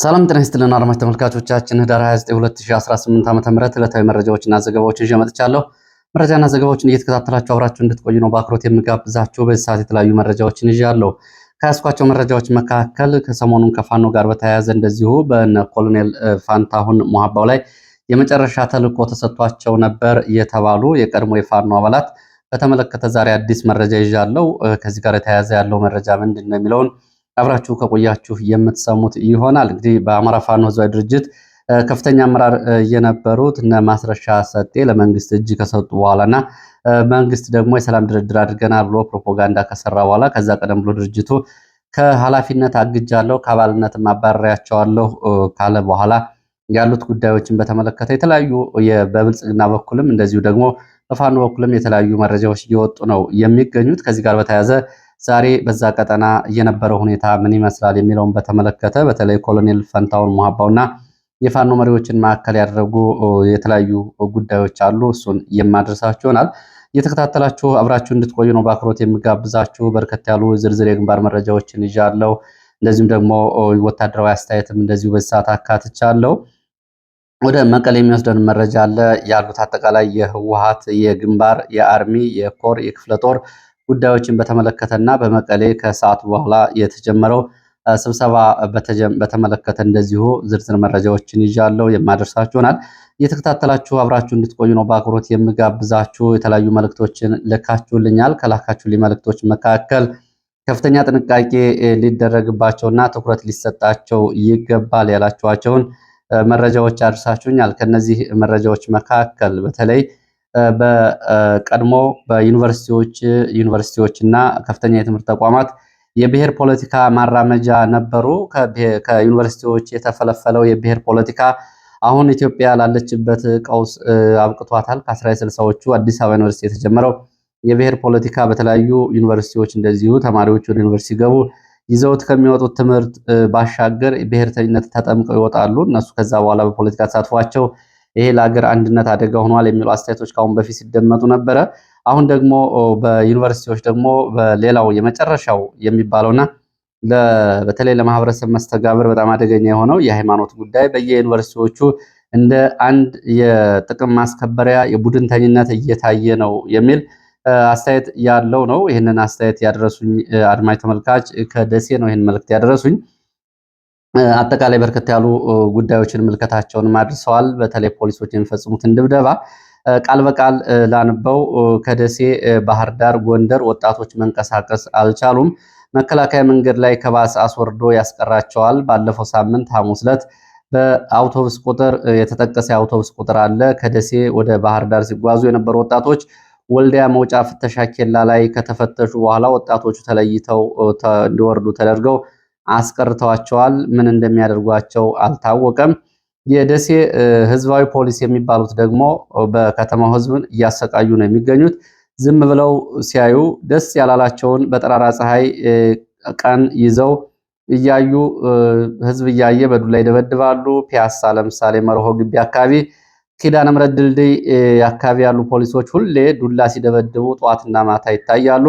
ሰላም ጤና ይስጥልን አድማጭ ተመልካቾቻችን፣ ህዳር 29 2018 ዓ.ም ዕለታዊ መረጃዎችና ዘገባዎችን ይዤ መጥቻለሁ። መረጃና ዘገባዎችን እየተከታተላችሁ አብራችሁ እንድትቆዩ ነው በአክሮት የምጋብዛችሁ። በዚህ ሰዓት የተለያዩ መረጃዎችን ይዣለሁ። ከያዝኳቸው መረጃዎች መካከል ከሰሞኑን ከፋኖ ጋር በተያያዘ እንደዚሁ በነ ኮሎኔል ፋንታሁን ሞሃባው ላይ የመጨረሻ ተልዕኮ ተሰጥቷቸው ነበር የተባሉ የቀድሞ የፋኖ አባላት በተመለከተ ዛሬ አዲስ መረጃ ይዣለሁ። ከዚህ ጋር የተያያዘ ያለው መረጃ ምንድን ነው የሚለውን አብራችሁ ከቆያችሁ የምትሰሙት ይሆናል። እንግዲህ በአማራ ፋኖ ህዝባዊ ድርጅት ከፍተኛ አመራር የነበሩት እነ ማስረሻ ሰጤ ለመንግስት እጅ ከሰጡ በኋላና መንግስት ደግሞ የሰላም ድርድር አድርገናል ብሎ ፕሮፓጋንዳ ከሰራ በኋላ ከዛ ቀደም ብሎ ድርጅቱ ከኃላፊነት አግጃለሁ ከአባልነት አባረሪያቸዋለሁ ካለ በኋላ ያሉት ጉዳዮችን በተመለከተ የተለያዩ በብልጽግና በኩልም እንደዚሁ ደግሞ በፋኖ በኩልም የተለያዩ መረጃዎች እየወጡ ነው የሚገኙት። ከዚህ ጋር በተያያዘ ዛሬ በዛ ቀጠና የነበረው ሁኔታ ምን ይመስላል የሚለውን በተመለከተ በተለይ ኮሎኔል ፈንታውን ሙሀባውና የፋኖ መሪዎችን ማዕከል ያደረጉ የተለያዩ ጉዳዮች አሉ። እሱን የማድረሳችሁ ይሆናል። እየተከታተላችሁ አብራችሁ እንድትቆዩ ነው በአክሮት የሚጋብዛችሁ። በርከት ያሉ ዝርዝር የግንባር መረጃዎችን ይዣለሁ። እንደዚሁም ደግሞ ወታደራዊ አስተያየትም እንደዚሁ በዚህ ሰዓት አካትቻለሁ። ወደ መቀሌ የሚወስደን መረጃ አለ። ያሉት አጠቃላይ የህወሀት የግንባር የአርሚ የኮር የክፍለ ጦር ጉዳዮችን በተመለከተና በመቀሌ ከሰዓት በኋላ የተጀመረው ስብሰባ በተመለከተ እንደዚሁ ዝርዝር መረጃዎችን ይዣለሁ የማደርሳችሁ ይሆናል። እየተከታተላችሁ አብራችሁ እንድትቆዩ ነው በአክብሮት የምጋብዛችሁ። የተለያዩ መልእክቶችን ልካችሁልኛል። ከላካችሁልኝ መልእክቶች መካከል ከፍተኛ ጥንቃቄ ሊደረግባቸውና ትኩረት ሊሰጣቸው ይገባል ያላችኋቸውን መረጃዎች አድርሳችሁኛል። ከነዚህ መረጃዎች መካከል በተለይ በቀድሞ በዩኒቨርሲቲዎች ዩኒቨርሲቲዎች እና ከፍተኛ የትምህርት ተቋማት የብሔር ፖለቲካ ማራመጃ ነበሩ። ከዩኒቨርሲቲዎች የተፈለፈለው የብሔር ፖለቲካ አሁን ኢትዮጵያ ላለችበት ቀውስ አብቅቷታል። ስልሳዎቹ አዲስ አበባ ዩኒቨርሲቲ የተጀመረው የብሔር ፖለቲካ በተለያዩ ዩኒቨርሲቲዎች እንደዚሁ ተማሪዎች ወደ ዩኒቨርሲቲ ገቡ ይዘውት ከሚወጡት ትምህርት ባሻገር ብሔርተኝነት ተጠምቀው ይወጣሉ። እነሱ ከዛ በኋላ በፖለቲካ ተሳትፏቸው ይሄ ለሀገር አንድነት አደጋ ሆኗል የሚሉ አስተያየቶች ከአሁን በፊት ሲደመጡ ነበረ። አሁን ደግሞ በዩኒቨርሲቲዎች ደግሞ በሌላው የመጨረሻው የሚባለውና በተለይ ለማህበረሰብ መስተጋብር በጣም አደገኛ የሆነው የሃይማኖት ጉዳይ በየዩኒቨርሲቲዎቹ እንደ አንድ የጥቅም ማስከበሪያ የቡድንተኝነት እየታየ ነው የሚል አስተያየት ያለው ነው። ይህንን አስተያየት ያደረሱኝ አድማጭ ተመልካች ከደሴ ነው ይህን መልእክት ያደረሱኝ። አጠቃላይ በርከት ያሉ ጉዳዮችን ምልከታቸውን አድርሰዋል። በተለይ ፖሊሶች የሚፈጽሙትን ድብደባ ቃል በቃል ላንበው። ከደሴ ባህር ዳር፣ ጎንደር ወጣቶች መንቀሳቀስ አልቻሉም። መከላከያ መንገድ ላይ ከባስ አስወርዶ ያስቀራቸዋል። ባለፈው ሳምንት ሐሙስ ዕለት በአውቶቡስ ቁጥር የተጠቀሰ የአውቶቡስ ቁጥር አለ። ከደሴ ወደ ባህር ዳር ሲጓዙ የነበሩ ወጣቶች ወልዲያ መውጫ ፍተሻ ኬላ ላይ ከተፈተሹ በኋላ ወጣቶቹ ተለይተው እንዲወርዱ ተደርገው አስቀርተዋቸዋል። ምን እንደሚያደርጓቸው አልታወቀም። የደሴ ህዝባዊ ፖሊስ የሚባሉት ደግሞ በከተማው ህዝብን እያሰቃዩ ነው የሚገኙት። ዝም ብለው ሲያዩ ደስ ያላላቸውን በጠራራ ፀሐይ ቀን ይዘው እያዩ ህዝብ እያየ በዱላ ይደበድባሉ። ፒያሳ ለምሳሌ መርሆ ግቢ አካባቢ ኪዳነ ምሕረት ድልድይ አካባቢ ያሉ ፖሊሶች ሁሌ ዱላ ሲደበድቡ ጠዋትና ማታ ይታያሉ።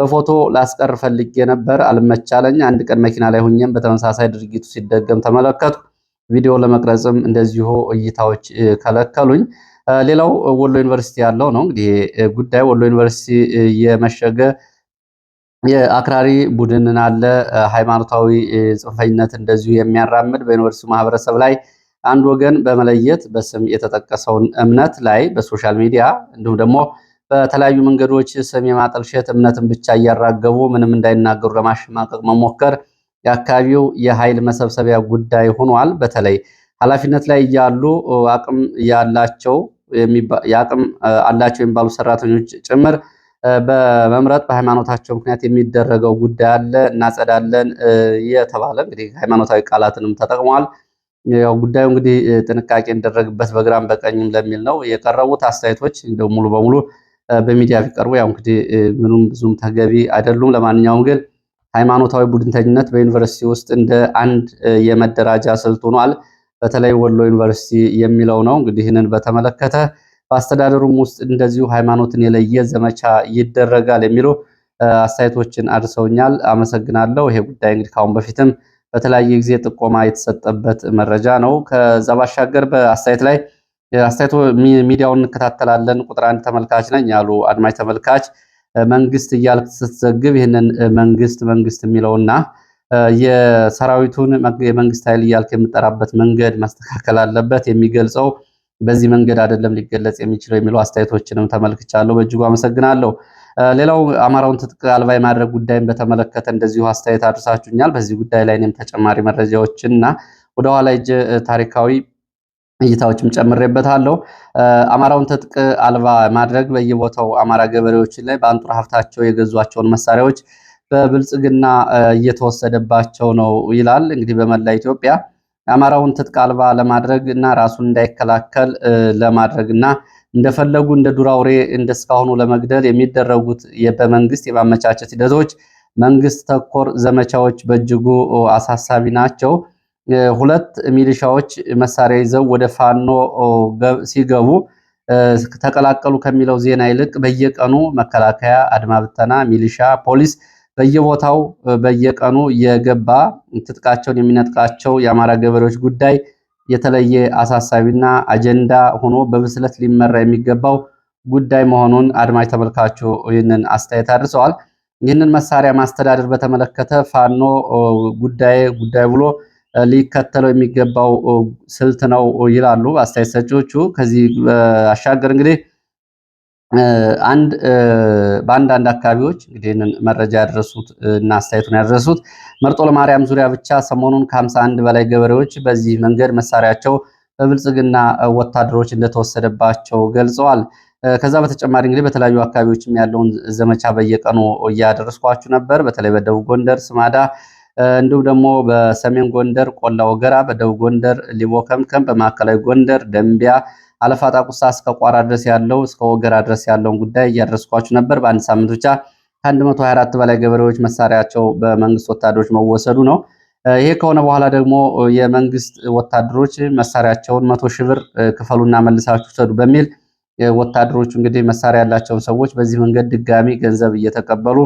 በፎቶ ላስቀር ፈልጌ ነበር፣ አልመቻለኝ። አንድ ቀን መኪና ላይ ሁኜም በተመሳሳይ ድርጊቱ ሲደገም ተመለከቱ። ቪዲዮ ለመቅረጽም እንደዚሁ እይታዎች ከለከሉኝ። ሌላው ወሎ ዩኒቨርሲቲ ያለው ነው እንግዲህ ጉዳይ ወሎ ዩኒቨርሲቲ የመሸገ የአክራሪ ቡድንን አለ ሃይማኖታዊ ጽንፈኝነት እንደዚሁ የሚያራምድ በዩኒቨርሲቲ ማህበረሰብ ላይ አንድ ወገን በመለየት በስም የተጠቀሰውን እምነት ላይ በሶሻል ሚዲያ እንዲሁም ደግሞ በተለያዩ መንገዶች ስም የማጠልሸት እምነትን ብቻ እያራገቡ ምንም እንዳይናገሩ ለማሸማቀቅ መሞከር የአካባቢው የኃይል መሰብሰቢያ ጉዳይ ሆኗል። በተለይ ኃላፊነት ላይ እያሉ አቅም ያላቸው የአቅም አላቸው የሚባሉ ሰራተኞች ጭምር በመምረጥ በሃይማኖታቸው ምክንያት የሚደረገው ጉዳይ አለ። እናጸዳለን እየተባለ እንግዲህ ሃይማኖታዊ ቃላትንም ተጠቅሟል። ያው ጉዳዩ እንግዲህ ጥንቃቄ እንደረግበት በግራም በቀኝም ለሚል ነው የቀረቡት አስተያየቶች እንደው ሙሉ በሙሉ በሚዲያ ቢቀርቡ ያው እንግዲህ ምኑም ብዙም ተገቢ አይደሉም። ለማንኛውም ግን ሃይማኖታዊ ቡድንተኝነት በዩኒቨርሲቲ ውስጥ እንደ አንድ የመደራጃ ስልት ሆኗል። በተለይ ወሎ ዩኒቨርሲቲ የሚለው ነው። እንግዲህ ይህንን በተመለከተ በአስተዳደሩም ውስጥ እንደዚሁ ሃይማኖትን የለየ ዘመቻ ይደረጋል የሚሉ አስተያየቶችን አድርሰውኛል። አመሰግናለሁ። ይሄ ጉዳይ እንግዲህ ከአሁን በፊትም በተለያየ ጊዜ ጥቆማ የተሰጠበት መረጃ ነው። ከዛ ባሻገር በአስተያየት ላይ አስተያየቱ ሚዲያውን እንከታተላለን፣ ቁጥር አንድ ተመልካች ነኝ ያሉ አድማጭ ተመልካች መንግስት እያልክ ስትዘግብ ይህንን መንግስት መንግስት የሚለውና የሰራዊቱን የመንግስት ኃይል እያልክ የምጠራበት መንገድ መስተካከል አለበት፣ የሚገልጸው በዚህ መንገድ አይደለም ሊገለጽ የሚችለው የሚሉ አስተያየቶችንም ተመልክቻለሁ። በእጅጉ አመሰግናለሁ። ሌላው አማራውን ትጥቅ አልባ የማድረግ ጉዳይን በተመለከተ እንደዚሁ አስተያየት አድርሳችሁኛል። በዚህ ጉዳይ ላይ እኔም ተጨማሪ መረጃዎችን እና ወደኋላ እጅ ታሪካዊ እይታዎችም ጨምሬበታለሁ። አማራውን ትጥቅ አልባ ማድረግ በየቦታው አማራ ገበሬዎችን ላይ በአንጡራ ሀብታቸው የገዟቸውን መሳሪያዎች በብልጽግና እየተወሰደባቸው ነው ይላል። እንግዲህ በመላ ኢትዮጵያ አማራውን ትጥቅ አልባ ለማድረግ እና ራሱን እንዳይከላከል ለማድረግ እና እንደፈለጉ እንደ ዱር አውሬ እንደ እስካሁኑ ለመግደል የሚደረጉት በመንግስት የማመቻቸት ሂደቶች መንግስት ተኮር ዘመቻዎች በእጅጉ አሳሳቢ ናቸው። ሁለት ሚሊሻዎች መሳሪያ ይዘው ወደ ፋኖ ሲገቡ ተቀላቀሉ ከሚለው ዜና ይልቅ በየቀኑ መከላከያ፣ አድማ ብተና፣ ሚሊሻ፣ ፖሊስ በየቦታው በየቀኑ የገባ ትጥቃቸውን የሚነጥቃቸው የአማራ ገበሬዎች ጉዳይ የተለየ አሳሳቢና አጀንዳ ሆኖ በብስለት ሊመራ የሚገባው ጉዳይ መሆኑን አድማጭ ተመልካቹ ይህንን አስተያየት አድርሰዋል። ይህንን መሳሪያ ማስተዳደር በተመለከተ ፋኖ ጉዳይ ጉዳይ ብሎ ሊከተለው የሚገባው ስልት ነው ይላሉ አስተያየት ሰጪዎቹ። ከዚህ አሻገር እንግዲህ አንድ በአንዳንድ አካባቢዎች እንግዲህ መረጃ ያደረሱት እና አስተያየቱን ያደረሱት መርጦ ለማርያም ዙሪያ ብቻ ሰሞኑን ከ51 በላይ ገበሬዎች በዚህ መንገድ መሳሪያቸው በብልጽግና ወታደሮች እንደተወሰደባቸው ገልጸዋል። ከዛ በተጨማሪ እንግዲህ በተለያዩ አካባቢዎችም ያለውን ዘመቻ በየቀኑ እያደረስኳችሁ ነበር። በተለይ በደቡብ ጎንደር ስማዳ እንዲሁም ደግሞ በሰሜን ጎንደር ቆላ ወገራ፣ በደቡብ ጎንደር ሊቦ ከምከም፣ በማዕከላዊ ጎንደር ደንቢያ አለፋ ጣቁሳ እስከ ቋራ ድረስ ያለው እስከ ወገራ ድረስ ያለውን ጉዳይ እያደረስኳችሁ ነበር። በአንድ ሳምንት ብቻ ከ124 በላይ ገበሬዎች መሳሪያቸው በመንግስት ወታደሮች መወሰዱ ነው። ይሄ ከሆነ በኋላ ደግሞ የመንግስት ወታደሮች መሳሪያቸውን መቶ ሺህ ብር ክፈሉና መልሳችሁ ውሰዱ በሚል ወታደሮቹ እንግዲህ መሳሪያ ያላቸውን ሰዎች በዚህ መንገድ ድጋሚ ገንዘብ እየተቀበሉ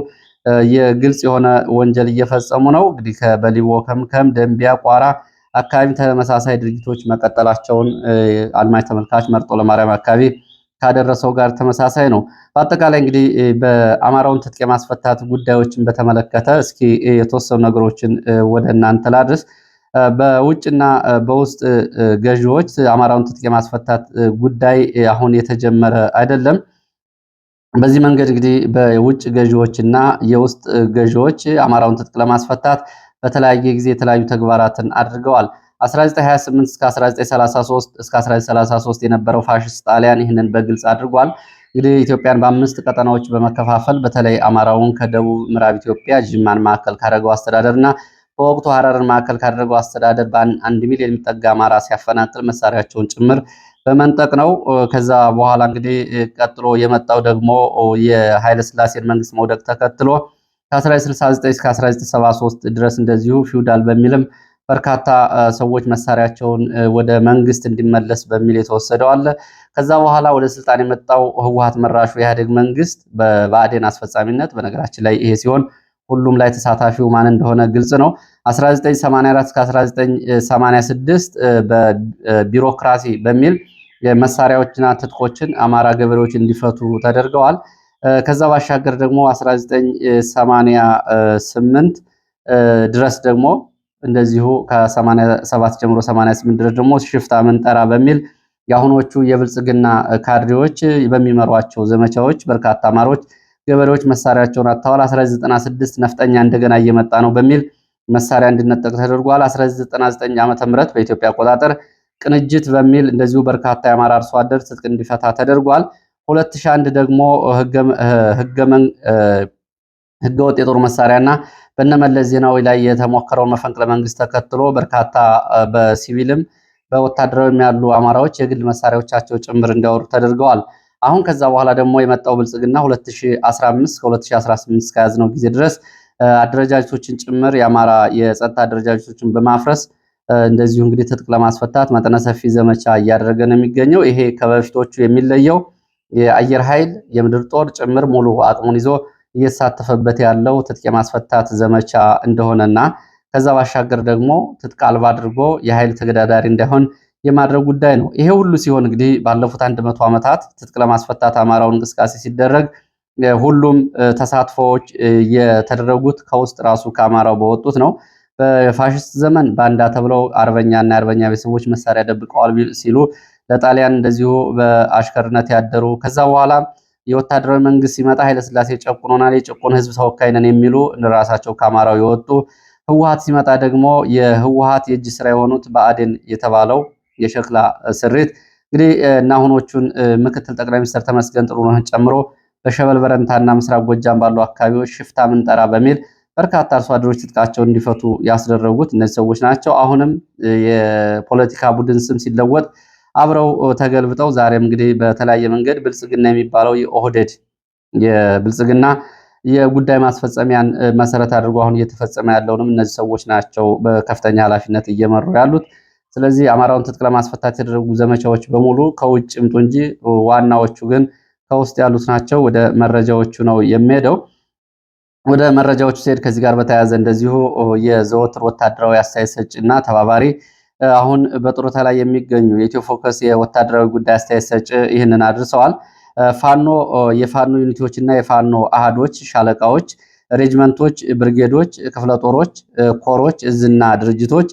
የግልጽ የሆነ ወንጀል እየፈጸሙ ነው። እንግዲህ በሊቦ ከምከም፣ ደንቢያ፣ ቋራ አካባቢ ተመሳሳይ ድርጊቶች መቀጠላቸውን አድማጭ ተመልካች መርጦ ለማርያም አካባቢ ካደረሰው ጋር ተመሳሳይ ነው። በአጠቃላይ እንግዲህ በአማራውን ትጥቅ የማስፈታት ጉዳዮችን በተመለከተ እስኪ የተወሰኑ ነገሮችን ወደ እናንተ ላድርስ። በውጭና በውስጥ ገዢዎች አማራውን ትጥቅ የማስፈታት ጉዳይ አሁን የተጀመረ አይደለም። በዚህ መንገድ እንግዲህ በውጭ ገዢዎችና የውስጥ ገዢዎች አማራውን ትጥቅ ለማስፈታት በተለያየ ጊዜ የተለያዩ ተግባራትን አድርገዋል። 1928 1933 የነበረው ፋሽስት ጣሊያን ይህንን በግልጽ አድርጓል። እንግዲህ ኢትዮጵያን በአምስት ቀጠናዎች በመከፋፈል በተለይ አማራውን ከደቡብ ምዕራብ ኢትዮጵያ ጅማን ማዕከል ካደረገው አስተዳደርና በወቅቱ ሐረርን ማዕከል ካደረገው አስተዳደር በአንድ ሚሊዮን የሚጠጋ አማራ ሲያፈናቅል መሳሪያቸውን ጭምር በመንጠቅ ነው። ከዛ በኋላ እንግዲህ ቀጥሎ የመጣው ደግሞ የኃይለ ስላሴን መንግስት መውደቅ ተከትሎ ከ1969 እስከ 1973 ድረስ እንደዚሁ ፊውዳል በሚልም በርካታ ሰዎች መሳሪያቸውን ወደ መንግስት እንዲመለስ በሚል የተወሰደው አለ። ከዛ በኋላ ወደ ስልጣን የመጣው ህወሀት መራሹ የኢህአዴግ መንግስት በብአዴን አስፈጻሚነት፣ በነገራችን ላይ ይሄ ሲሆን ሁሉም ላይ ተሳታፊው ማን እንደሆነ ግልጽ ነው። 1984 እስከ 1986 በቢሮክራሲ በሚል የመሳሪያዎችና ትጥቆችን አማራ ገበሬዎች እንዲፈቱ ተደርገዋል። ከዛ ባሻገር ደግሞ 1988 ድረስ ደግሞ እንደዚሁ ከ87 ጀምሮ 88 ድረስ ደግሞ ሽፍታ ምንጠራ በሚል የአሁኖቹ የብልጽግና ካድሬዎች በሚመሯቸው ዘመቻዎች በርካታ አማሮች ገበሬዎች መሳሪያቸውን አጥተዋል። 1996 ነፍጠኛ እንደገና እየመጣ ነው በሚል መሳሪያ እንዲነጠቅ ተደርጓል። 1999 ም በኢትዮጵያ አቆጣጠር ቅንጅት በሚል እንደዚሁ በርካታ የአማራ አርሶ አደር ትጥቅ እንዲፈታ ተደርጓል። ሁለት ሺህ አንድ ደግሞ ህገወጥ የጦር መሳሪያና በነመለስ ዜናዊ ላይ የተሞከረውን መፈንቅለ መንግስት ተከትሎ በርካታ በሲቪልም በወታደራዊም ያሉ አማራዎች የግል መሳሪያዎቻቸው ጭምር እንዲያወሩ ተደርገዋል። አሁን ከዛ በኋላ ደግሞ የመጣው ብልጽግና 2015 ከ2018 እስከያዝነው ጊዜ ድረስ አደረጃጀቶችን ጭምር የአማራ የጸጥታ አደረጃጀቶችን በማፍረስ እንደዚሁ እንግዲህ ትጥቅ ለማስፈታት መጠነ ሰፊ ዘመቻ እያደረገ ነው የሚገኘው። ይሄ ከበፊቶቹ የሚለየው የአየር ኃይል የምድር ጦር ጭምር ሙሉ አቅሙን ይዞ እየተሳተፈበት ያለው ትጥቅ የማስፈታት ዘመቻ እንደሆነና ከዛ ባሻገር ደግሞ ትጥቅ አልባ አድርጎ የኃይል ተገዳዳሪ እንዳይሆን የማድረግ ጉዳይ ነው። ይሄ ሁሉ ሲሆን እንግዲህ ባለፉት አንድ መቶ ዓመታት ትጥቅ ለማስፈታት አማራው እንቅስቃሴ ሲደረግ ሁሉም ተሳትፎዎች የተደረጉት ከውስጥ ራሱ ከአማራው በወጡት ነው። በፋሽስት ዘመን ባንዳ ተብለው አርበኛና የአርበኛ ቤተሰቦች መሳሪያ ደብቀዋል ሲሉ ለጣሊያን እንደዚሁ በአሽከርነት ያደሩ ከዛ በኋላ የወታደራዊ መንግስት ሲመጣ ኃይለስላሴ ጨቁኖናል፣ የጨቁን ህዝብ ተወካይ ነን የሚሉ ራሳቸው ከአማራው የወጡ ህወሀት ሲመጣ ደግሞ የህወሀት የእጅ ስራ የሆኑት በአዴን የተባለው የሸክላ ስሪት እንግዲህ እና አሁኖቹን ምክትል ጠቅላይ ሚኒስትር ተመስገን ጥሩነህን ጨምሮ በሸበል በረንታና ምስራቅ ጎጃም ባሉ አካባቢዎች ሽፍታ ምንጠራ በሚል በርካታ አርሶ አደሮች ትጥቃቸውን እንዲፈቱ ያስደረጉት እነዚህ ሰዎች ናቸው። አሁንም የፖለቲካ ቡድን ስም ሲለወጥ አብረው ተገልብጠው ዛሬም እንግዲህ በተለያየ መንገድ ብልጽግና የሚባለው የኦህደድ የብልጽግና የጉዳይ ማስፈጸሚያን መሰረት አድርጎ አሁን እየተፈጸመ ያለውንም እነዚህ ሰዎች ናቸው በከፍተኛ ኃላፊነት እየመሩ ያሉት። ስለዚህ አማራውን ትጥቅ ለማስፈታት የተደረጉ ዘመቻዎች በሙሉ ከውጭ ምጡ እንጂ ዋናዎቹ ግን ከውስጥ ያሉት ናቸው። ወደ መረጃዎቹ ነው የሚሄደው። ወደ መረጃዎቹ ሲሄድ ከዚህ ጋር በተያያዘ እንደዚሁ የዘወትር ወታደራዊ አስተያየት ሰጭ እና ተባባሪ አሁን በጡረታ ላይ የሚገኙ የኢትዮ ፎከስ የወታደራዊ ጉዳይ አስተያየት ሰጭ ይህንን አድርሰዋል። ፋኖ የፋኖ ዩኒቲዎች እና የፋኖ አህዶች፣ ሻለቃዎች፣ ሬጅመንቶች፣ ብርጌዶች፣ ክፍለ ጦሮች፣ ኮሮች፣ እዝና ድርጅቶች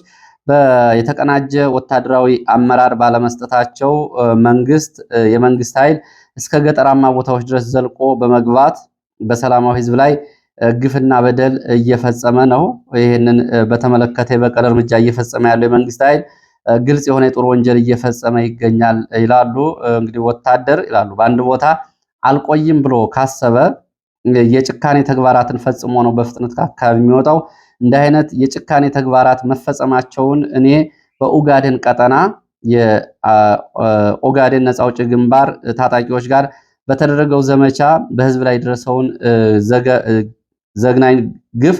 የተቀናጀ ወታደራዊ አመራር ባለመስጠታቸው መንግስት የመንግስት ኃይል እስከ ገጠራማ ቦታዎች ድረስ ዘልቆ በመግባት በሰላማዊ ህዝብ ላይ ግፍና በደል እየፈጸመ ነው። ይህንን በተመለከተ የበቀል እርምጃ እየፈጸመ ያለው የመንግስት ኃይል ግልጽ የሆነ የጦር ወንጀል እየፈጸመ ይገኛል ይላሉ። እንግዲህ ወታደር ይላሉ በአንድ ቦታ አልቆይም ብሎ ካሰበ የጭካኔ ተግባራትን ፈጽሞ ነው በፍጥነት ከአካባቢ የሚወጣው። እንዲህ አይነት የጭካኔ ተግባራት መፈጸማቸውን እኔ በኦጋዴን ቀጠና የኦጋዴን ነፃ አውጪ ግንባር ታጣቂዎች ጋር በተደረገው ዘመቻ በህዝብ ላይ ደረሰውን ዘግናኝ ግፍ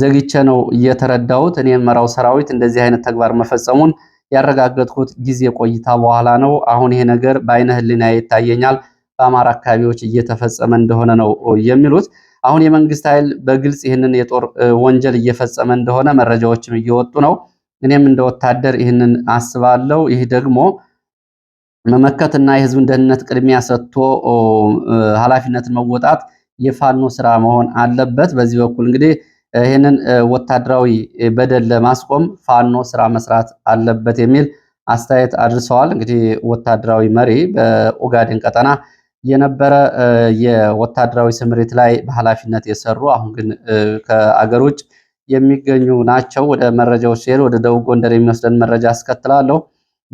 ዘግቼ ነው እየተረዳሁት። እኔ የምመራው ሰራዊት እንደዚህ አይነት ተግባር መፈጸሙን ያረጋገጥኩት ጊዜ ቆይታ በኋላ ነው። አሁን ይሄ ነገር በአይነ ህሊና ይታየኛል፣ በአማራ አካባቢዎች እየተፈጸመ እንደሆነ ነው የሚሉት። አሁን የመንግስት ኃይል በግልጽ ይህንን የጦር ወንጀል እየፈጸመ እንደሆነ መረጃዎችም እየወጡ ነው። እኔም እንደ ወታደር ይህንን አስባለሁ። ይህ ደግሞ መመከትና የህዝብን ደህንነት ቅድሚያ ሰጥቶ ኃላፊነትን መወጣት የፋኖ ስራ መሆን አለበት። በዚህ በኩል እንግዲህ ይህንን ወታደራዊ በደል ለማስቆም ፋኖ ስራ መስራት አለበት የሚል አስተያየት አድርሰዋል። እንግዲህ ወታደራዊ መሪ በኦጋዴን ቀጠና የነበረ የወታደራዊ ስምሪት ላይ በኃላፊነት የሰሩ አሁን ግን ከአገር ውጭ የሚገኙ ናቸው። ወደ መረጃዎች ሲሄድ ወደ ደቡብ ጎንደር የሚወስደን መረጃ አስከትላለሁ።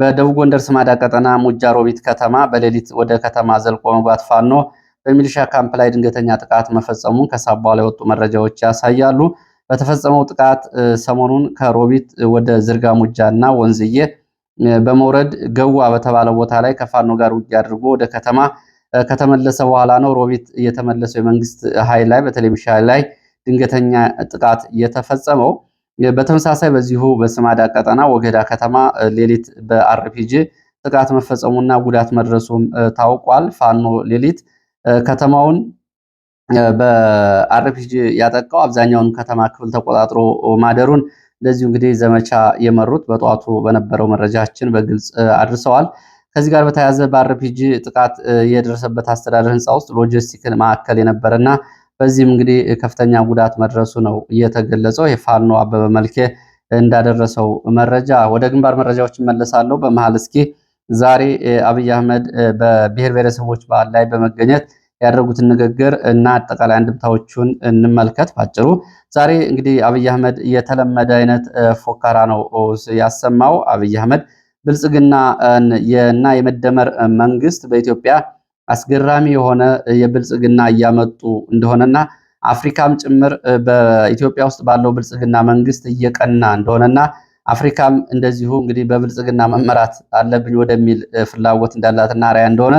በደቡብ ጎንደር ስማዳ ቀጠና ሙጃ ሮቢት ከተማ በሌሊት ወደ ከተማ ዘልቆ መግባት ፋኖ በሚሊሻ ካምፕ ላይ ድንገተኛ ጥቃት መፈጸሙን ከሳብ በኋላ የወጡ መረጃዎች ያሳያሉ። በተፈጸመው ጥቃት ሰሞኑን ከሮቢት ወደ ዝርጋ ሙጃና ወንዝዬ በመውረድ ገዋ በተባለ ቦታ ላይ ከፋኖ ጋር ውጊያ አድርጎ ወደ ከተማ ከተመለሰ በኋላ ነው ሮቢት የተመለሰው የመንግስት ኃይል ላይ በተለይ ሚሊሻ ላይ ድንገተኛ ጥቃት የተፈጸመው። በተመሳሳይ በዚሁ በስማዳ ቀጠና ወገዳ ከተማ ሌሊት በአርፒጂ ጥቃት መፈጸሙና ጉዳት መድረሱም ታውቋል። ፋኖ ሌሊት ከተማውን በአርፒጂ ያጠቃው አብዛኛውን ከተማ ክፍል ተቆጣጥሮ ማደሩን እንደዚሁ እንግዲህ ዘመቻ የመሩት በጠዋቱ በነበረው መረጃችን በግልጽ አድርሰዋል። ከዚህ ጋር በተያያዘ በአርፒጂ ጥቃት የደረሰበት አስተዳደር ህንፃ ውስጥ ሎጂስቲክን ማዕከል የነበረና በዚህም እንግዲህ ከፍተኛ ጉዳት መድረሱ ነው እየተገለጸው። የፋኖ አበበ መልኬ እንዳደረሰው መረጃ ወደ ግንባር መረጃዎች እመለሳለሁ። በመሀል እስኪ ዛሬ አብይ አህመድ በብሔር ብሔረሰቦች በዓል ላይ በመገኘት ያደረጉትን ንግግር እና አጠቃላይ አንድምታዎቹን እንመልከት ባጭሩ። ዛሬ እንግዲህ አብይ አህመድ የተለመደ አይነት ፎከራ ነው ያሰማው። አብይ አህመድ ብልጽግና እና የመደመር መንግስት በኢትዮጵያ አስገራሚ የሆነ የብልጽግና እያመጡ እንደሆነና አፍሪካም ጭምር በኢትዮጵያ ውስጥ ባለው ብልጽግና መንግስት እየቀና እንደሆነና አፍሪካም እንደዚሁ እንግዲህ በብልጽግና መመራት አለብኝ ወደሚል ፍላጎት እንዳላትና ራያ እንደሆነ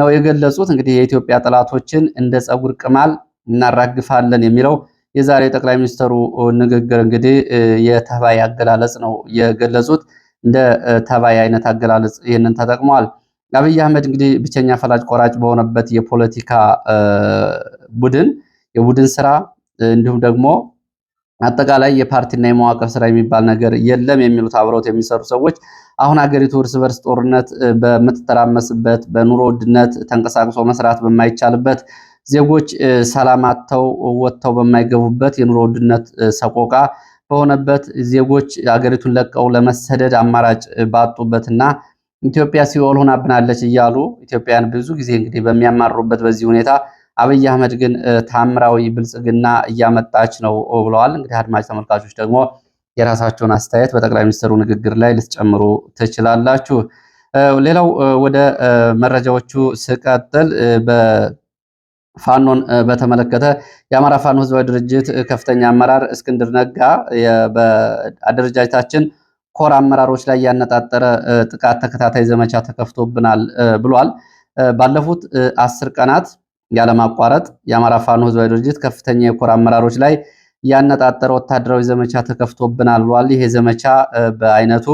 ነው የገለጹት። እንግዲህ የኢትዮጵያ ጠላቶችን እንደ ጸጉር ቅማል እናራግፋለን የሚለው የዛሬ ጠቅላይ ሚኒስትሩ ንግግር እንግዲህ የተባይ አገላለጽ ነው የገለጹት። እንደ ተባይ አይነት አገላለጽ ይህንን ተጠቅመዋል። አብይ አህመድ እንግዲህ ብቸኛ ፈላጭ ቆራጭ በሆነበት የፖለቲካ ቡድን የቡድን ስራ እንዲሁም ደግሞ አጠቃላይ የፓርቲና የመዋቅር ስራ የሚባል ነገር የለም የሚሉት አብረውት የሚሰሩ ሰዎች አሁን አገሪቱ እርስ በርስ ጦርነት በምትተራመስበት በኑሮ ውድነት ተንቀሳቅሶ መስራት በማይቻልበት ዜጎች ሰላም አጥተው ወጥተው በማይገቡበት የኑሮ ውድነት ሰቆቃ በሆነበት ዜጎች አገሪቱን ለቀው ለመሰደድ አማራጭ ባጡበትና ኢትዮጵያ ሲኦል ሆናብናለች እያሉ ኢትዮጵያን ብዙ ጊዜ እንግዲህ በሚያማሩበት በዚህ ሁኔታ አብይ አህመድ ግን ታምራዊ ብልጽግና እያመጣች ነው ብለዋል። እንግዲህ አድማጭ ተመልካቾች ደግሞ የራሳቸውን አስተያየት በጠቅላይ ሚኒስትሩ ንግግር ላይ ልትጨምሩ ትችላላችሁ። ሌላው ወደ መረጃዎቹ ስቀጥል በፋኖን በተመለከተ የአማራ ፋኖ ህዝባዊ ድርጅት ከፍተኛ አመራር እስክንድር ነጋ በአደረጃጀታችን ኮር አመራሮች ላይ ያነጣጠረ ጥቃት ተከታታይ ዘመቻ ተከፍቶብናል ብሏል። ባለፉት አስር ቀናት ያለማቋረጥ የአማራ ፋኖ ህዝባዊ ድርጅት ከፍተኛ የኮር አመራሮች ላይ ያነጣጠረ ወታደራዊ ዘመቻ ተከፍቶብናል ብሏል። ይሄ ዘመቻ በአይነቱ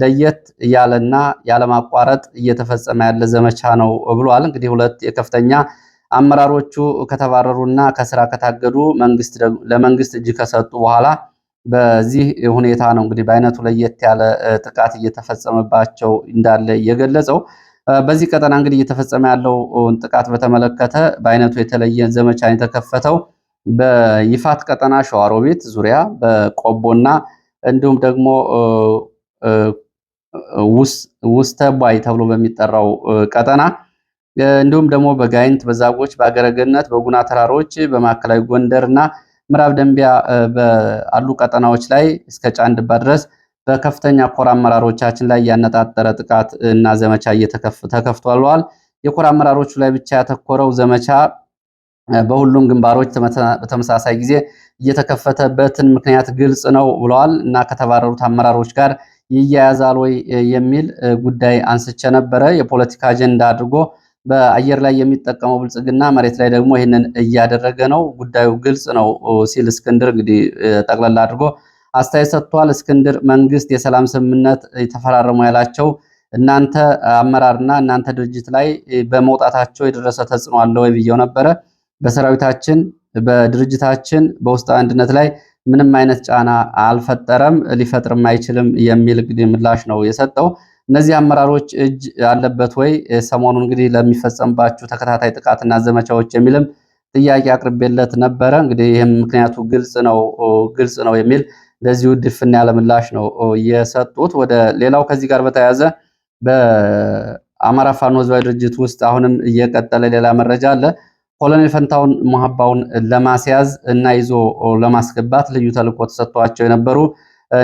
ለየት ያለና ያለማቋረጥ እየተፈጸመ ያለ ዘመቻ ነው ብሏል። እንግዲህ ሁለት የከፍተኛ አመራሮቹ ከተባረሩና ከስራ ከታገዱ መንግስት ለመንግስት እጅ ከሰጡ በኋላ በዚህ ሁኔታ ነው እንግዲህ በአይነቱ ለየት ያለ ጥቃት እየተፈጸመባቸው እንዳለ የገለጸው በዚህ ቀጠና እንግዲህ እየተፈጸመ ያለውን ጥቃት በተመለከተ በአይነቱ የተለየ ዘመቻን የተከፈተው በይፋት ቀጠና ሸዋሮቢት ዙሪያ በቆቦና እንዲሁም ደግሞ ውስተ ቧይ ተብሎ በሚጠራው ቀጠና እንዲሁም ደግሞ በጋይንት፣ በዛጎች፣ በአገረገነት፣ በጉና ተራሮች፣ በማዕከላዊ ጎንደር እና ምዕራብ ደንቢያ ባሉ ቀጠናዎች ላይ እስከ ጫንድባ ድረስ በከፍተኛ ኮር አመራሮቻችን ላይ ያነጣጠረ ጥቃት እና ዘመቻ ተከፍቷል። የኮር አመራሮቹ ላይ ብቻ ያተኮረው ዘመቻ በሁሉም ግንባሮች በተመሳሳይ ጊዜ እየተከፈተበትን ምክንያት ግልጽ ነው ብለዋል እና ከተባረሩት አመራሮች ጋር ይያያዛል ወይ የሚል ጉዳይ አንስቼ ነበረ። የፖለቲካ አጀንዳ አድርጎ በአየር ላይ የሚጠቀመው ብልጽግና መሬት ላይ ደግሞ ይህንን እያደረገ ነው። ጉዳዩ ግልጽ ነው ሲል እስክንድር እንግዲህ ጠቅለላ አድርጎ አስተያየት ሰጥቷል። እስክንድር መንግስት የሰላም ስምምነት የተፈራረሙ ያላቸው እናንተ አመራርና እናንተ ድርጅት ላይ በመውጣታቸው የደረሰ ተጽዕኖ አለ ወይ ብየው ነበረ። በሰራዊታችን በድርጅታችን በውስጥ አንድነት ላይ ምንም አይነት ጫና አልፈጠረም፣ ሊፈጥርም አይችልም የሚል ምላሽ ነው የሰጠው። እነዚህ አመራሮች እጅ አለበት ወይ ሰሞኑ እንግዲህ ለሚፈጸምባችሁ ተከታታይ ጥቃትና ዘመቻዎች የሚልም ጥያቄ አቅርቤለት ነበረ። እንግዲህ ይህም ምክንያቱ ግልጽ ነው ግልጽ ነው የሚል ለዚሁ ድፍና ያለ ምላሽ ነው የሰጡት። ወደ ሌላው ከዚህ ጋር በተያያዘ በአማራ ፋኖ ህዝባዊ ድርጅት ውስጥ አሁንም እየቀጠለ ሌላ መረጃ አለ። ኮሎኔል ፈንታውን ሞሀባውን ለማስያዝ እና ይዞ ለማስገባት ልዩ ተልኮ ተሰጥቷቸው የነበሩ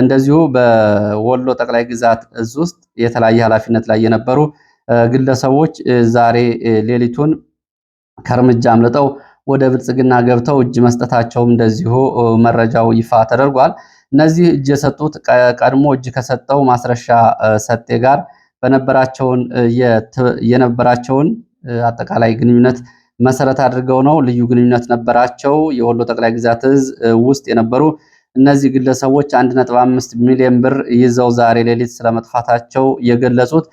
እንደዚሁ በወሎ ጠቅላይ ግዛት እዝ ውስጥ የተለያየ ኃላፊነት ላይ የነበሩ ግለሰቦች ዛሬ ሌሊቱን ከእርምጃ አምልጠው ወደ ብልጽግና ገብተው እጅ መስጠታቸውም እንደዚሁ መረጃው ይፋ ተደርጓል። እነዚህ እጅ የሰጡት ቀድሞ እጅ ከሰጠው ማስረሻ ሰጤ ጋር የነበራቸውን አጠቃላይ ግንኙነት መሰረት አድርገው ነው። ልዩ ግንኙነት ነበራቸው። የወሎ ጠቅላይ ግዛት እዝ ውስጥ የነበሩ እነዚህ ግለሰቦች 1.5 ሚሊዮን ብር ይዘው ዛሬ ሌሊት ስለመጥፋታቸው የገለጹት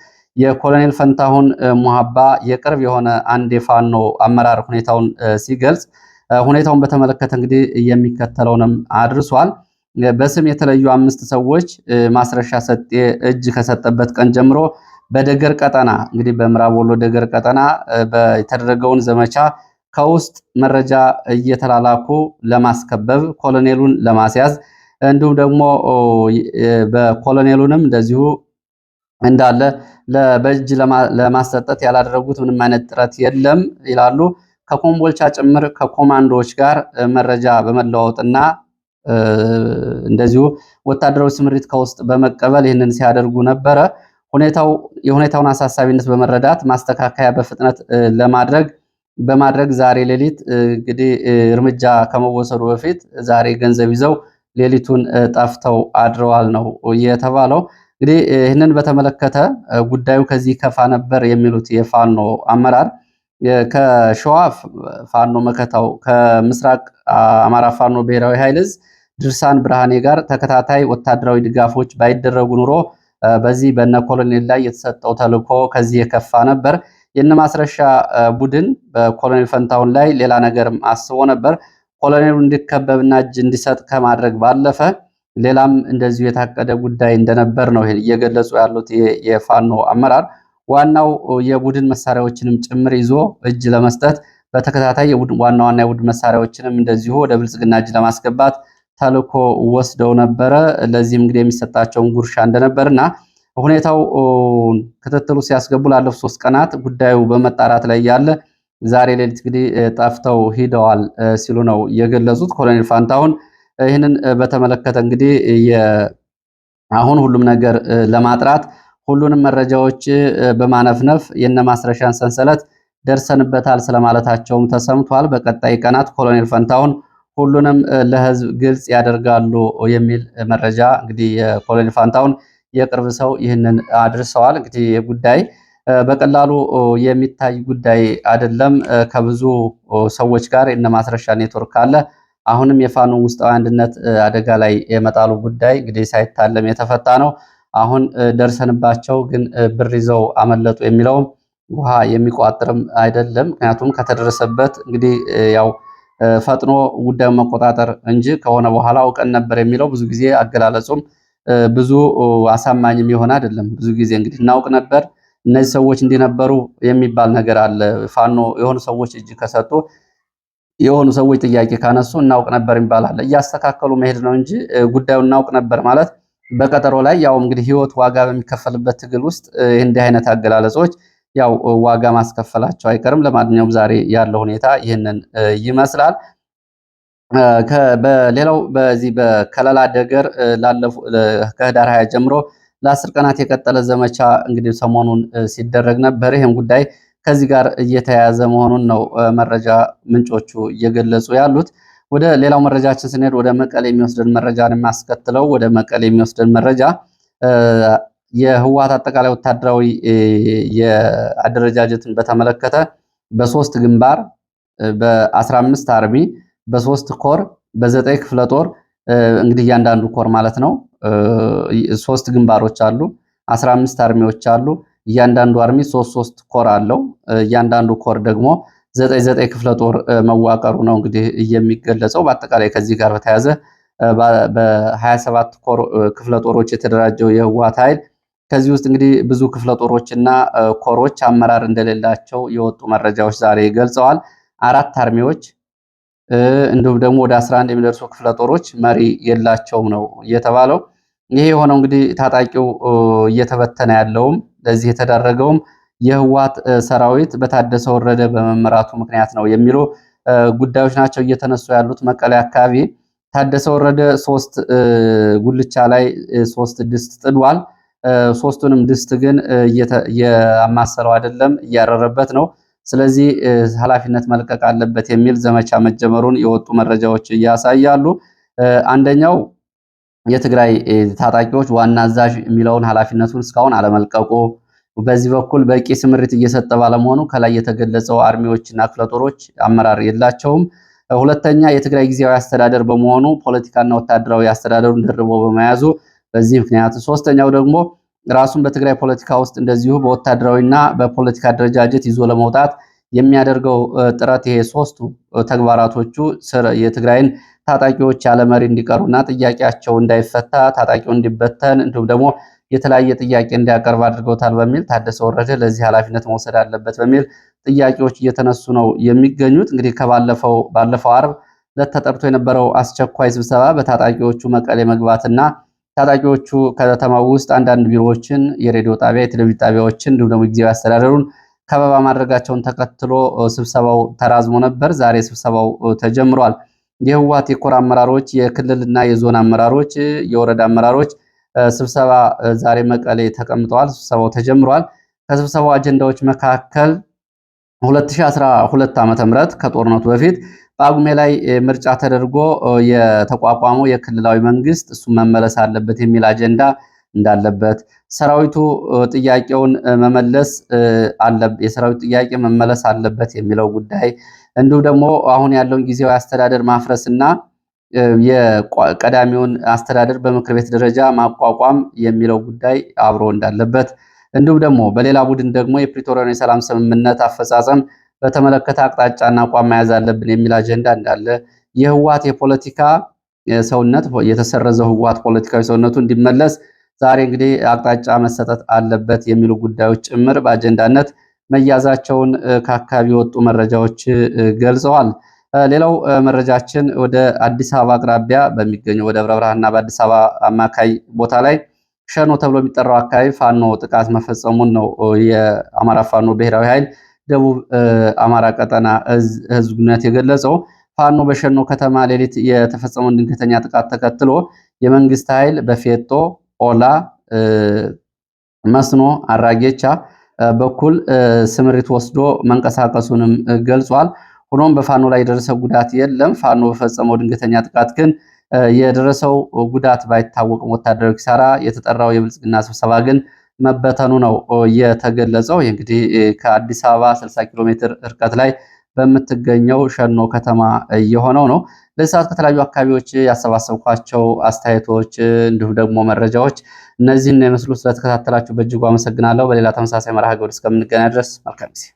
የኮሎኔል ፈንታሁን ሙሀባ የቅርብ የሆነ አንድ የፋኖ አመራር ሁኔታውን ሲገልጽ ሁኔታውን በተመለከተ እንግዲህ የሚከተለውንም አድርሷል። በስም የተለዩ አምስት ሰዎች ማስረሻ ሰጤ እጅ ከሰጠበት ቀን ጀምሮ በደገር ቀጠና እንግዲህ በምዕራብ ወሎ ደገር ቀጠና የተደረገውን ዘመቻ ከውስጥ መረጃ እየተላላኩ ለማስከበብ ኮሎኔሉን ለማስያዝ እንዲሁም ደግሞ በኮሎኔሉንም እንደዚሁ እንዳለ በእጅ ለማሰጠት ያላደረጉት ምንም አይነት ጥረት የለም ይላሉ። ከኮምቦልቻ ጭምር ከኮማንዶዎች ጋር መረጃ በመለዋወጥና እንደዚሁ ወታደራዊ ስምሪት ከውስጥ በመቀበል ይህንን ሲያደርጉ ነበረ። የሁኔታውን አሳሳቢነት በመረዳት ማስተካከያ በፍጥነት ለማድረግ በማድረግ ዛሬ ሌሊት እንግዲህ እርምጃ ከመወሰዱ በፊት ዛሬ ገንዘብ ይዘው ሌሊቱን ጠፍተው አድረዋል ነው የተባለው። እንግዲህ ይህንን በተመለከተ ጉዳዩ ከዚህ ከፋ ነበር የሚሉት የፋኖ አመራር ከሸዋ ፋኖ መከታው ከምስራቅ አማራ ፋኖ ብሔራዊ ኃይል እዝ ድርሳን ብርሃኔ ጋር ተከታታይ ወታደራዊ ድጋፎች ባይደረጉ ኑሮ በዚህ በነ ኮሎኔል ላይ የተሰጠው ተልዕኮ ከዚህ የከፋ ነበር። የነ ማስረሻ ቡድን በኮሎኔል ፈንታውን ላይ ሌላ ነገር አስቦ ነበር። ኮሎኔሉ እንዲከበብና እጅ እንዲሰጥ ከማድረግ ባለፈ ሌላም እንደዚሁ የታቀደ ጉዳይ እንደነበር ነው እየገለጹ ያሉት የፋኖ አመራር። ዋናው የቡድን መሳሪያዎችንም ጭምር ይዞ እጅ ለመስጠት በተከታታይ ዋና ዋና የቡድን መሳሪያዎችንም እንደዚሁ ወደ ብልጽግና እጅ ለማስገባት ተልኮ ወስደው ነበረ። ለዚህም እንግዲህ የሚሰጣቸውን ጉርሻ እንደነበርና ሁኔታው ክትትሉ ሲያስገቡ ላለፉ ሶስት ቀናት ጉዳዩ በመጣራት ላይ ያለ ዛሬ ሌሊት እንግዲህ ጠፍተው ሂደዋል ሲሉ ነው የገለጹት ኮሎኔል ፋንታሁን። ይህንን በተመለከተ እንግዲህ አሁን ሁሉም ነገር ለማጥራት ሁሉንም መረጃዎች በማነፍነፍ የነ ማስረሻን ሰንሰለት ደርሰንበታል ስለማለታቸውም ተሰምቷል። በቀጣይ ቀናት ኮሎኔል ፋንታሁን ሁሉንም ለህዝብ ግልጽ ያደርጋሉ የሚል መረጃ እንግዲህ የኮሎኔል ፋንታውን የቅርብ ሰው ይህንን አድርሰዋል። እንግዲህ ጉዳይ በቀላሉ የሚታይ ጉዳይ አይደለም። ከብዙ ሰዎች ጋር እነ ማስረሻ ኔትወርክ ካለ አሁንም የፋኖ ውስጣዊ አንድነት አደጋ ላይ የመጣሉ ጉዳይ እንግዲህ ሳይታለም የተፈታ ነው። አሁን ደርሰንባቸው ግን ብር ይዘው አመለጡ የሚለውም ውሃ የሚቋጥርም አይደለም። ምክንያቱም ከተደረሰበት እንግዲህ ያው ፈጥኖ ጉዳዩን መቆጣጠር እንጂ ከሆነ በኋላ አውቀን ነበር የሚለው ብዙ ጊዜ አገላለጹም ብዙ አሳማኝም የሆነ አይደለም። ብዙ ጊዜ እንግዲህ እናውቅ ነበር እነዚህ ሰዎች እንዲነበሩ የሚባል ነገር አለ። ፋኖ የሆኑ ሰዎች እጅ ከሰጡ የሆኑ ሰዎች ጥያቄ ካነሱ እናውቅ ነበር የሚባል አለ። እያስተካከሉ መሄድ ነው እንጂ ጉዳዩ እናውቅ ነበር ማለት በቀጠሮ ላይ ያው እንግዲህ ህይወት ዋጋ በሚከፈልበት ትግል ውስጥ እንዲህ አይነት አገላለጾች ያው ዋጋ ማስከፈላቸው አይቀርም። ለማንኛውም ዛሬ ያለው ሁኔታ ይህንን ይመስላል። በሌላው በዚህ በከለላ ደገር ከህዳር ሀያ ጀምሮ ለአስር ቀናት የቀጠለ ዘመቻ እንግዲህ ሰሞኑን ሲደረግ ነበር። ይህም ጉዳይ ከዚህ ጋር እየተያያዘ መሆኑን ነው መረጃ ምንጮቹ እየገለጹ ያሉት። ወደ ሌላው መረጃችን ስንሄድ ወደ መቀሌ የሚወስደን መረጃን የሚያስከትለው። ወደ መቀሌ የሚወስደን መረጃ የህወሓት አጠቃላይ ወታደራዊ የአደረጃጀትን በተመለከተ በሶስት ግንባር በ15 አርሚ በሶስት ኮር በዘጠኝ ክፍለ ጦር እንግዲህ እያንዳንዱ ኮር ማለት ነው ሶስት ግንባሮች አሉ። 15 አርሚዎች አሉ። እያንዳንዱ አርሚ ሶስት ሶስት ኮር አለው። እያንዳንዱ ኮር ደግሞ ዘጠኝ ዘጠኝ ክፍለ ጦር መዋቀሩ ነው እንግዲህ የሚገለጸው። በአጠቃላይ ከዚህ ጋር በተያያዘ በ27 ክፍለ ጦሮች የተደራጀው የህወሓት ኃይል ከዚህ ውስጥ እንግዲህ ብዙ ክፍለ ጦሮችና ኮሮች አመራር እንደሌላቸው የወጡ መረጃዎች ዛሬ ገልጸዋል። አራት አርሚዎች እንዲሁም ደግሞ ወደ 11 የሚደርሱ ክፍለ ጦሮች መሪ የላቸውም ነው እየተባለው። ይሄ የሆነው እንግዲህ ታጣቂው እየተበተነ ያለውም ለዚህ የተደረገውም የህዋት ሰራዊት በታደሰ ወረደ በመመራቱ ምክንያት ነው የሚሉ ጉዳዮች ናቸው እየተነሱ ያሉት። መቀሌ አካባቢ ታደሰ ወረደ ሶስት ጉልቻ ላይ ሶስት ድስት ጥዷል። ሶስቱንም ድስት ግን እያማሰለው አይደለም፣ እያረረበት ነው። ስለዚህ ኃላፊነት መልቀቅ አለበት የሚል ዘመቻ መጀመሩን የወጡ መረጃዎች ያሳያሉ። አንደኛው የትግራይ ታጣቂዎች ዋና አዛዥ የሚለውን ኃላፊነቱን እስካሁን አለመልቀቁ፣ በዚህ በኩል በቂ ስምሪት እየሰጠ ባለመሆኑ ከላይ የተገለጸው አርሚዎችና ክፍለጦሮች አመራር የላቸውም። ሁለተኛ የትግራይ ጊዜያዊ አስተዳደር በመሆኑ ፖለቲካና ወታደራዊ አስተዳደሩን ደርቦ በመያዙ በዚህ ምክንያት፣ ሶስተኛው ደግሞ ራሱን በትግራይ ፖለቲካ ውስጥ እንደዚሁ በወታደራዊና በፖለቲካ አደረጃጀት ይዞ ለመውጣት የሚያደርገው ጥረት ይሄ ሶስቱ ተግባራቶቹ የትግራይን ታጣቂዎች ያለመሪ እንዲቀሩና ጥያቄያቸው እንዳይፈታ ታጣቂው እንዲበተን እንዲሁም ደግሞ የተለያየ ጥያቄ እንዲያቀርብ አድርገውታል በሚል ታደሰ ወረደ ለዚህ ኃላፊነት መውሰድ አለበት በሚል ጥያቄዎች እየተነሱ ነው የሚገኙት። እንግዲህ ከባለፈው ባለፈው አርብ ለተጠርቶ የነበረው አስቸኳይ ስብሰባ በታጣቂዎቹ መቀሌ መግባትና ታጣቂዎቹ ከተማው ውስጥ አንዳንድ ቢሮዎችን፣ የሬዲዮ ጣቢያ፣ የቴሌቪዥን ጣቢያዎችን እንዲሁም ደግሞ ጊዜያዊ አስተዳደሩን ከበባ ማድረጋቸውን ተከትሎ ስብሰባው ተራዝሞ ነበር። ዛሬ ስብሰባው ተጀምሯል። የህወሓት የኮር አመራሮች፣ የክልልና የዞን አመራሮች፣ የወረዳ አመራሮች ስብሰባ ዛሬ መቀሌ ተቀምጠዋል። ስብሰባው ተጀምሯል። ከስብሰባው አጀንዳዎች መካከል 2012 ም ከጦርነቱ በፊት በጳጉሜ ላይ ምርጫ ተደርጎ የተቋቋመው የክልላዊ መንግስት እሱ መመለስ አለበት የሚል አጀንዳ እንዳለበት ሰራዊቱ ጥያቄውን መመለስ የሰራዊት ጥያቄ መመለስ አለበት የሚለው ጉዳይ እንዲሁም ደግሞ አሁን ያለውን ጊዜያዊ አስተዳደር ማፍረስና የቀዳሚውን አስተዳደር በምክር ቤት ደረጃ ማቋቋም የሚለው ጉዳይ አብሮ እንዳለበት እንዲሁም ደግሞ በሌላ ቡድን ደግሞ የፕሪቶሪያን የሰላም ስምምነት አፈጻጸም በተመለከተ አቅጣጫና አቋም መያዝ አለብን የሚል አጀንዳ እንዳለ የህዋት የፖለቲካ ሰውነት የተሰረዘው ህዋት ፖለቲካዊ ሰውነቱ እንዲመለስ ዛሬ እንግዲህ አቅጣጫ መሰጠት አለበት የሚሉ ጉዳዮች ጭምር በአጀንዳነት መያዛቸውን ከአካባቢ የወጡ መረጃዎች ገልጸዋል። ሌላው መረጃችን ወደ አዲስ አበባ አቅራቢያ በሚገኘው ወደ ደብረ ብርሃንና በአዲስ አበባ አማካይ ቦታ ላይ ሸኖ ተብሎ የሚጠራው አካባቢ ፋኖ ጥቃት መፈጸሙን ነው የአማራ ፋኖ ብሔራዊ ኃይል ደቡብ አማራ ቀጠና ህዝብነት የገለጸው ፋኖ በሸኖ ከተማ ሌሊት የተፈጸመውን ድንገተኛ ጥቃት ተከትሎ የመንግስት ኃይል በፌጦ ኦላ መስኖ አራጌቻ በኩል ስምሪት ወስዶ መንቀሳቀሱንም ገልጿል። ሆኖም በፋኖ ላይ የደረሰ ጉዳት የለም። ፋኖ በፈጸመው ድንገተኛ ጥቃት ግን የደረሰው ጉዳት ባይታወቅም ወታደራዊ ኪሳራ የተጠራው የብልጽግና ስብሰባ ግን መበተኑ ነው የተገለጸው። እንግዲህ ከአዲስ አበባ 60 ኪሎ ሜትር ርቀት ላይ በምትገኘው ሸኖ ከተማ እየሆነው ነው። ለዚህ ሰዓት ከተለያዩ አካባቢዎች ያሰባሰብኳቸው አስተያየቶች እንዲሁም ደግሞ መረጃዎች እነዚህን የመስሉ ስለተከታተላችሁ በእጅጉ አመሰግናለሁ። በሌላ ተመሳሳይ መርሃ ግብር እስከምንገናኝ ድረስ መልካም ጊዜ